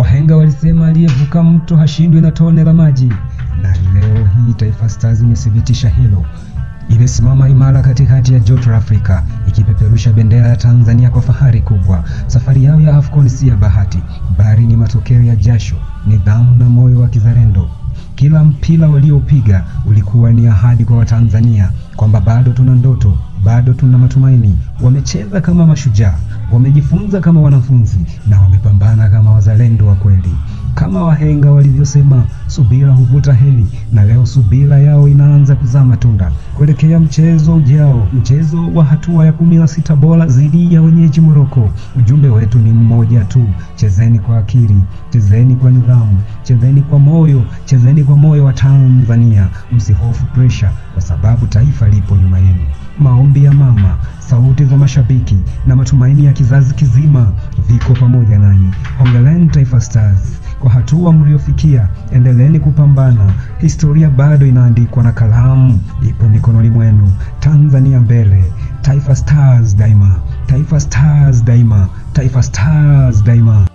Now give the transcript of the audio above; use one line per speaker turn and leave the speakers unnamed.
Wahenga walisema aliyevuka mto hashindwi na tone la maji, na leo hii Taifa Stars imethibitisha hilo. Imesimama imara katikati ya joto la Afrika ikipeperusha bendera ya Tanzania kwa fahari kubwa. Safari yao ya AFCON si ya bahati, bali ni matokeo ya jasho, nidhamu na moyo wa kizalendo. Kila mpira waliopiga ulikuwa ni ahadi kwa Watanzania kwamba bado tuna ndoto, bado tuna matumaini. Wamecheza kama mashujaa, wamejifunza kama wanafunzi na wamepambana uzalendo wa kweli. Kama wahenga walivyosema, subira huvuta heri, na leo subira yao inaanza kuzaa matunda kuelekea mchezo ujao, mchezo wa hatua ya kumi na sita bora dhidi ya wenyeji Moroko. Ujumbe wetu ni mmoja tu: chezeni kwa akili, chezeni kwa nidhamu, chezeni kwa moyo, chezeni kwa moyo wa Tanzania. Msihofu presha, kwa sababu taifa lipo nyuma yenu. Maombi ya mama, sauti za mashabiki na matumaini ya kizazi kizima viko pamoja nanyi. Hongereni Taifa Stars kwa hatua mliofikia, endeleeni kupambana. Historia bado inaandikwa na kalamu ipo mikononi mwenu. Tanzania mbele! Taifa Stars daima! Taifa Stars daima! Taifa Stars daima!